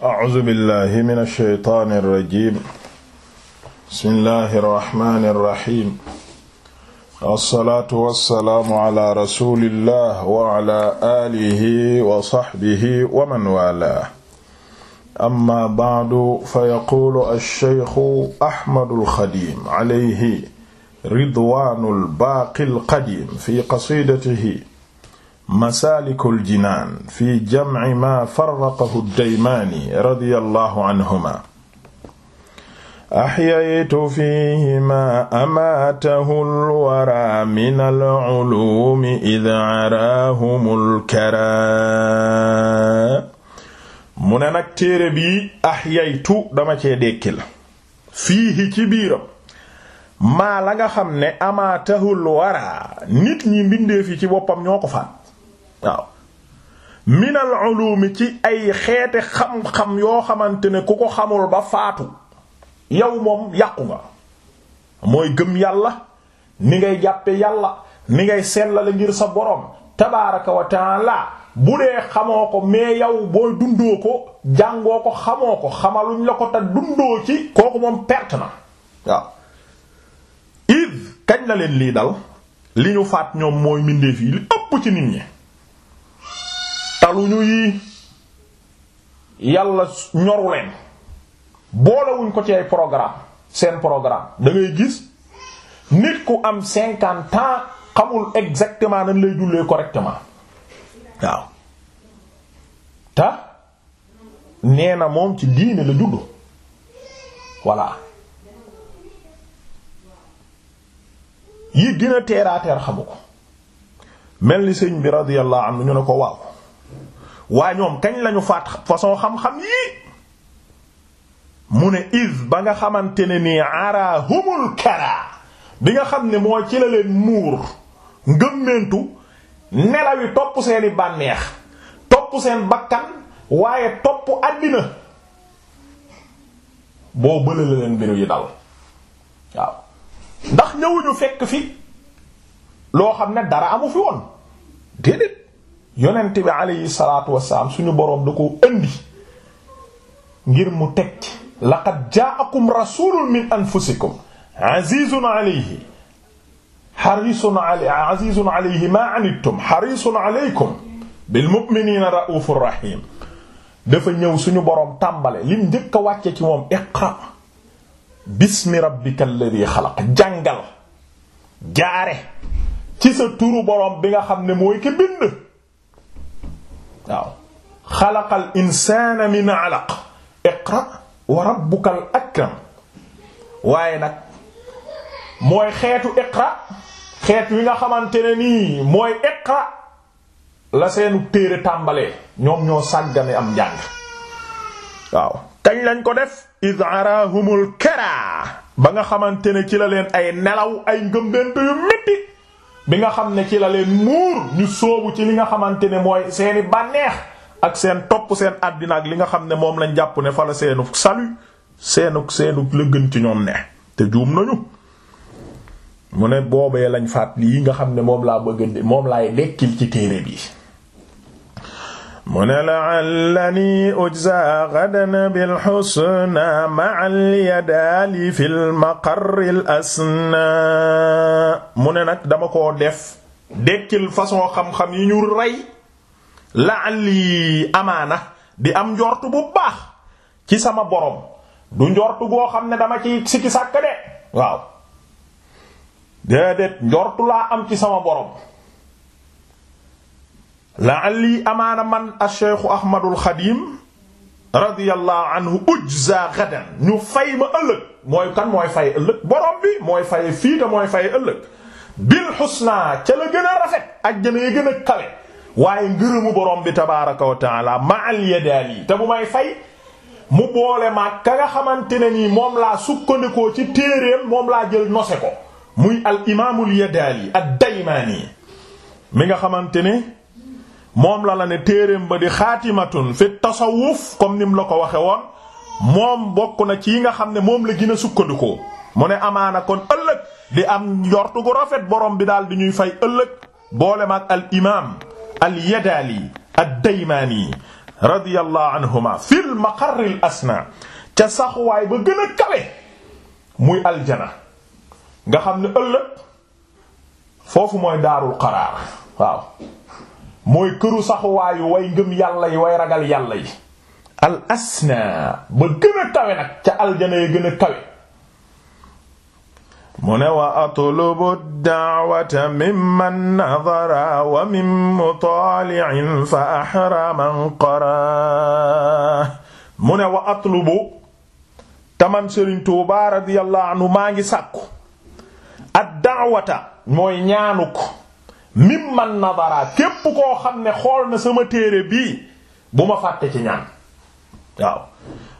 A'uuzu billahi mina shaytaani rajiim. Bismillahi rahmaani rahiim. Wassalaatu wassalaamu ala rasuulillah wa ala aalihi wa sahbihi wa man waalaahu. Amma ba'du fa yaquulu ash-shaykhu Ahmadul Xadiim alayhi ridwaanul baaqil qadiim fi qasiidatihi masaalikul jinaan fi jamci maa farraqahu daymaani radiyallahu anhuma axyaytu fihimaa amaatahu lwara min alculuumi id araahumul kara mu ne nag téere bii axyaytu dama cee dékkil fiihi ci biiram maa la nga xam ne amaatahul wara nit ñi mbindeef yi ci boppam ñoo ko waaw minal ulumi ci ay xeete xam-xam yoo xamante ne ku ko xamul ba faatu yow moom yàqu nga mooy gëm yàlla ni ngay jàppe yàlla ni ngay sellale ngir sa boroom tabaaraka wa taala bu dee xamoo ko mais yow booy dundoo ko jàngoo ko xamoo ko xamaluñ la ko te dundoo ci kooku moom perte na waaw kañ la leen lii dal li ñu faat ñoom mooy mbindeef yi li ëpp ci nit ñi taluñu yii yàlla ñoru boolewuñ ko ci ay programme seen programme da ngay gis nit ku am cinquante ans xamul exactement nañ lay jullee correctement waaw te nee na moom ci diine la judd voilà yi gën a teer a teer xamu ko mel ni sëñ bi radiyallahu anhu ñu ne ko waaw waa ñoom kañ lañu faat façon xam-xam yii mu ne is ba nga xamante ne nii arahumul kara bi nga xam ni moo ci la leen muur ngëmmentu nelaw topp seeni bànneex topp seen bakkan waaye topp àddina boo bële la leen mbiru yi dal waaw ndax ñëwuñu fekk fi loo xam ne dara amu fi woon yonent bi aleyhi salaatu wasalaam suñu boroom da ko ngir mu teg ci laqad ja'akum rasulun min anfusikum azizun alayhi harisun alayhi azizun alayhi ma anittum harisun alaykum bil mu'minina raufur rahim dafa ñëw suñu borom tàmbale lim njëkk a wàcce ci moom iqra bismi rabbika alladhi xalaq jàngal jaare ci sa turu boroom bi nga xam ne mooy ki bind waaw xalaqal insaana min alaq iqra wa rabbukal akram waaye nag mooy xeetu iqra xeet wi nga xamante ne nii mooy iqra la seenu téere tàmbalee ñoom ñoo sàggane am njàng waaw kañ lañ ko def id arahumul kara ba nga xamante ne ci la leen ay nelaw ay ngëmbent yu metti bi nga xam ne ci la leen muur ñu sóobu ci li nga xamante ne mooy seeni bànneex ak seen topp seen àddina ak li nga xam ne moom lañ jàpp ne fa la seenu salut seenu seenu la gën ci ñoom ne te juum nañu mu ne boobee lañ faat lii nga xam ne moom laa bëgg moom laay dekkil ci téere bi mu ne la'allanii ujzaa ghadan bilxusna ma'a alyadaali fi lmaqarri l asna mu ne nag dama ko def dekkil façon xam-xam yi ñu la la'allii amaana di am njortu bu baax ci sama borom du njort goo xam ne dama ci sikki sàkk de waaw déedéet njort laa am ci sama borom la'alli amaana man a shaykh Ahmadul Xadim radiyallahu anhu ujza gadan ñu fay ma ëllëg mooy kan mooy fay ëllëg borom bi mooy fay fii te mooy fay ëllëg bil xusna ca la gën a rafet ajjana ya gën a kawe waaye ngërëmu borom bi tabaraka wa ma ma'al yadaali te bu may fay mu boole maag ka nga xamante ne nii moom laa sukkandikoo ci téeréem moom laa jël nose ko muy al imaamul yadaali ad-Daymaani mi nga xamante moom la la ne téereem ba di xaatimatun fi tasawuf comme ni la ko waxe woon moom bokk na ci yi nga xam ne moom la gën a sukkandikoo mu ne amaana kon ëllëg di am yortu gu rafet boroom bi daal di ñuy fay ëllëg boole maag al imaam al yadaali ad daymaani radiyallahu anhuma fil maqarril asna ca saxuwaay ba gën a muy aljana nga xam ne ëllëg foofu mooy daarul qaraar waaw mooy këru saxuwaayu way ngëm yàlla yi way ragal yàlla yi al asna ba gën a kawe nag ca aljana ya gën a kawe mu ne wa atlubu daawata mimman nadara wa min mutali'in fa ahra man qara mu ne wa atlubu taman Serigne Touba radiyallahu anhu maa ngi sàkku ad daawata mooy ñaanuk mim man nadara képp koo xam ne xool na sama téere bii bu ma fàtte ci ñaan waaw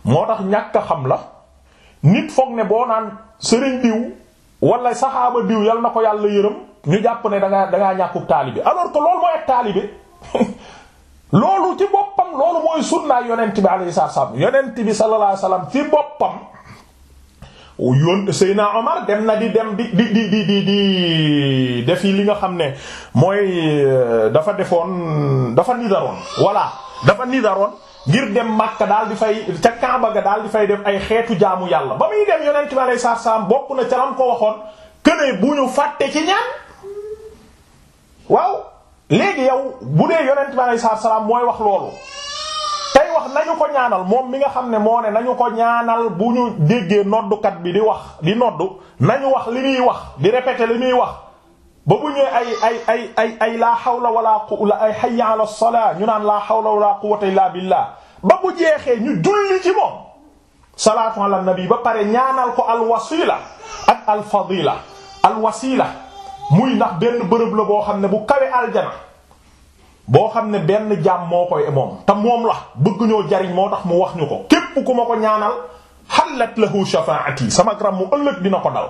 moo tax ñàkk xam la nit foog ne boo naan sëriñ diw wala saxaaba diw yal na ko yàlla yërëm ñu jàpp ne dangaa dangaa ñàkkub taalibe alors que loolu mooy ak taalibe loolu ci boppam loolu mooy sunnaay yonent bi alayhi salaam yonent bi sallallahu alayhi wasallam ci boppam yoon Seyna Omar dem na di dem di di di di di def yi li nga xam ne mooy euh, dafa defoon dafa nidaroon voilà dafa nidaroon ngir dem Makka daal di fay ca Kaaba ga daal di fay def ay xeetu jaamu yàlla ba muy dem yonent bi alayhi salaam bokk na ca lam waxoon bu ñu fàtte yow bu dee yonent bi mooy wax loolu wax nañu ko ñaanal moom mi nga xam ne moo ne nañu ko ñaanal bu ñu déggee noddukat bi di wax di noddu nañu wax li muy wax di répéter li muy wax ba bu ñëwee ay ay ay ay xaw la hawla wala quwwata ay hayya ala salaa ñu naan la hawla wala quwwata illa billah ba bu jeexee ñu julli ci moom salaatu ala nabi ba pare ñaanal ko al wasila ak al fadila al wasila muy ndax benn bërëb la boo xam ne bu kawe aljana boo xam ne benn jàmm moo koy moom te moom la bëgg ñoo jariñ moo tax mu wax ñu ko képp ku ma ko ñaanal la xalat lahu shafaati sama gram mu ëllëg dina ko dal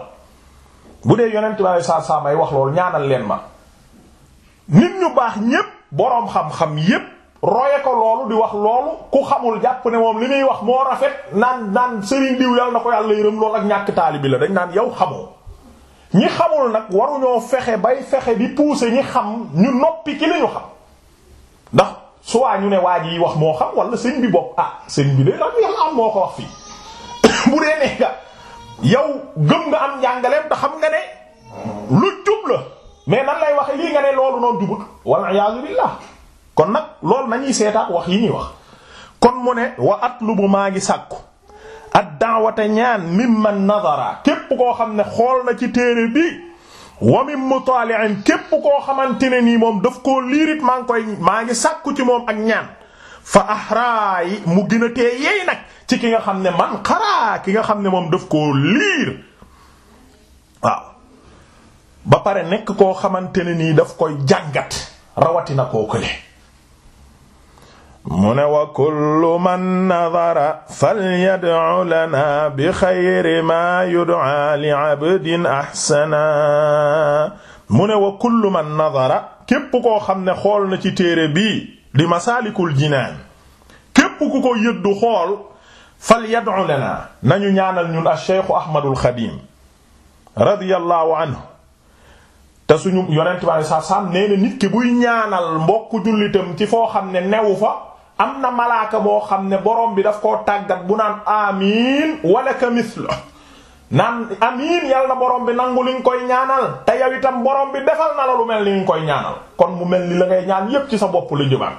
bu dee yonent bi alei saa salaam wax loolu ñaanal leen ma nit ñu baax ñépp boroom xam-xam yépp roye ko loolu di wax loolu ku xamul jàpp ne moom li muy wax moo rafet naan naan sëriñ diw yàlla na ko yàlla yërëm loolu ak ñàkk taalibi la dañ naan yow xamoo ñi xamul nag waruñoo fexe bay fexe di pousser ñi xam ñu noppi ki li ndax soit ñu ne waa ji wax moo xam wala sëñ bi bopp ah sëñ bi de la yàlla am moo ko wax fii bu dee ne yow gëm nga am njàngaleem te xam nga ne lu jub la mais nan lay waxe lii nga ne loolu noonu jubut wala iyaazu billah kon nag loolu nañuy seetaat wax yi ñuy wax kon mu ne wa atlubu maa ngi sàkku at daawata ñaan mimman nadara képp koo xam ne xool na ci téere bi wamim mutaali'in képp koo xamante ne nii moom daf koo liirit maa ngi koy maa ngi sàkku ci moom ak ñaan fa ahraay mu gën a yeey nag ci ki nga xam ne man xaraa ki nga xam ne moom daf koo liir waaw ba pare nekk koo xamante ne nii daf koy jàngat rawatina koo kële mu ne wa kullu man nadara falyad'u lana bi xayri ma yud'a li abdin ahsana mu ne wa kullu man nadara képp koo xam ne xool na ci téere bi di masaalikul jinaan képp ku ko yëddu xool falyad'u lana nañu ñaanal ñun ash-shaykh ahmadul xadim radiyallahu anhu te suñu yonent bi sallallahu alayhi wasallam nee na nit ki buy ñaanal mbokku jullitam ci foo xam ne newu fa am na malaaka boo xam ne borom bi daf koo tàggat bu naan amiin walaka mislu naan amiin yàlla na borom bi nangu li nga koy ñaanal te yow borom bi defal na la lu mel ni nga koy ñaanal kon mu mel ni la ngay ñaan yépp ci sa bopp la jëmaan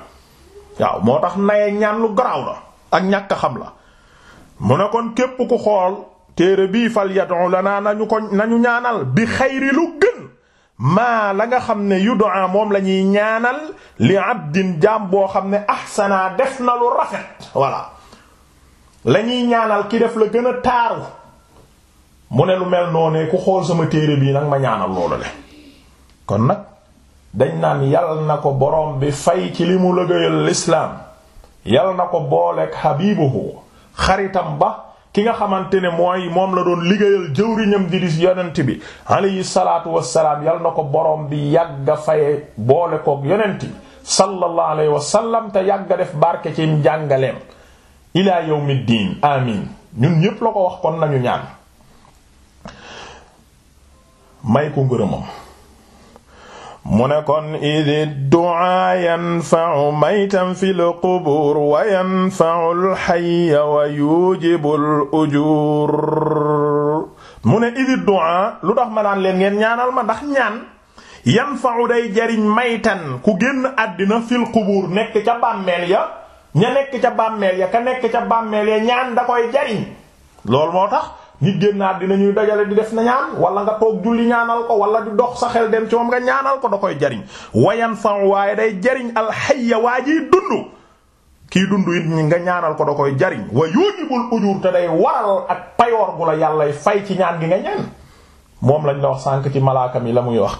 waaw moo tax naye ñaan lu garaaw la ak ñàkk xam la mu ne kon képp ku xool téere bii fal yad'u lana nañu ko nañu ñaanal bi xayri lu gën maa la nga xam ne yudaa moom la ñuy ñaanal li abdin jaam boo xam ne ahsana def na lu rafet voilà la ñuy ñaanal ki def la gën a taaru mu ne lu mel noonee ku xool sama téere bii nag ma ñaanal loolu le kon nag dañ naan yal na ko borom bi fay ci li mu lëgëyal lislaam yal na ko booleek habibuhu xaritam ba ki nga xamante ne mooy moom la doon liggéeyal jëwriñam di di yonent bi alayhi salaatu wassalaam yal na ko boroom bi yàgga faye boole koog yonent bi sallallahu alayhi wasallam te yàgga def barke ci njàngaleem ila yawmiddin amin ñun ñépp la ko wax kon nañu ñaan may ko ngërëmam mu ne kon idi du'a yanfa'u maytan fil qubur wa yanfa'u al-hayya wa yujibu al-ujur mu ne idi du'a lu dax ma daan leen ngeen ñaanal ma ndax ñaan yanfa'u day jariñ maytan ku génn àddina fil qubur nekk ca bàmmeel ya ña nekk ca bàmmeel ya ka nekk ca bàmmeel ya ñaan da koy jariñ loolu moo tax ñi génnaat dinañuy dajale di def na ñaan wala nga toog julli ñaanal ko wala di dox sa xel dem ci moom nga ñaanal ko da koy jariñ wayan fan waaye day jariñ alxayya waa jiy dund kii dund it ñi nga ñaanal ko da koy jariñ wa ujur te day waral ak payoor bu la yàllay fay ci ñaan gi nga moom lañu la wax sànk ci malaakam mi la muy wax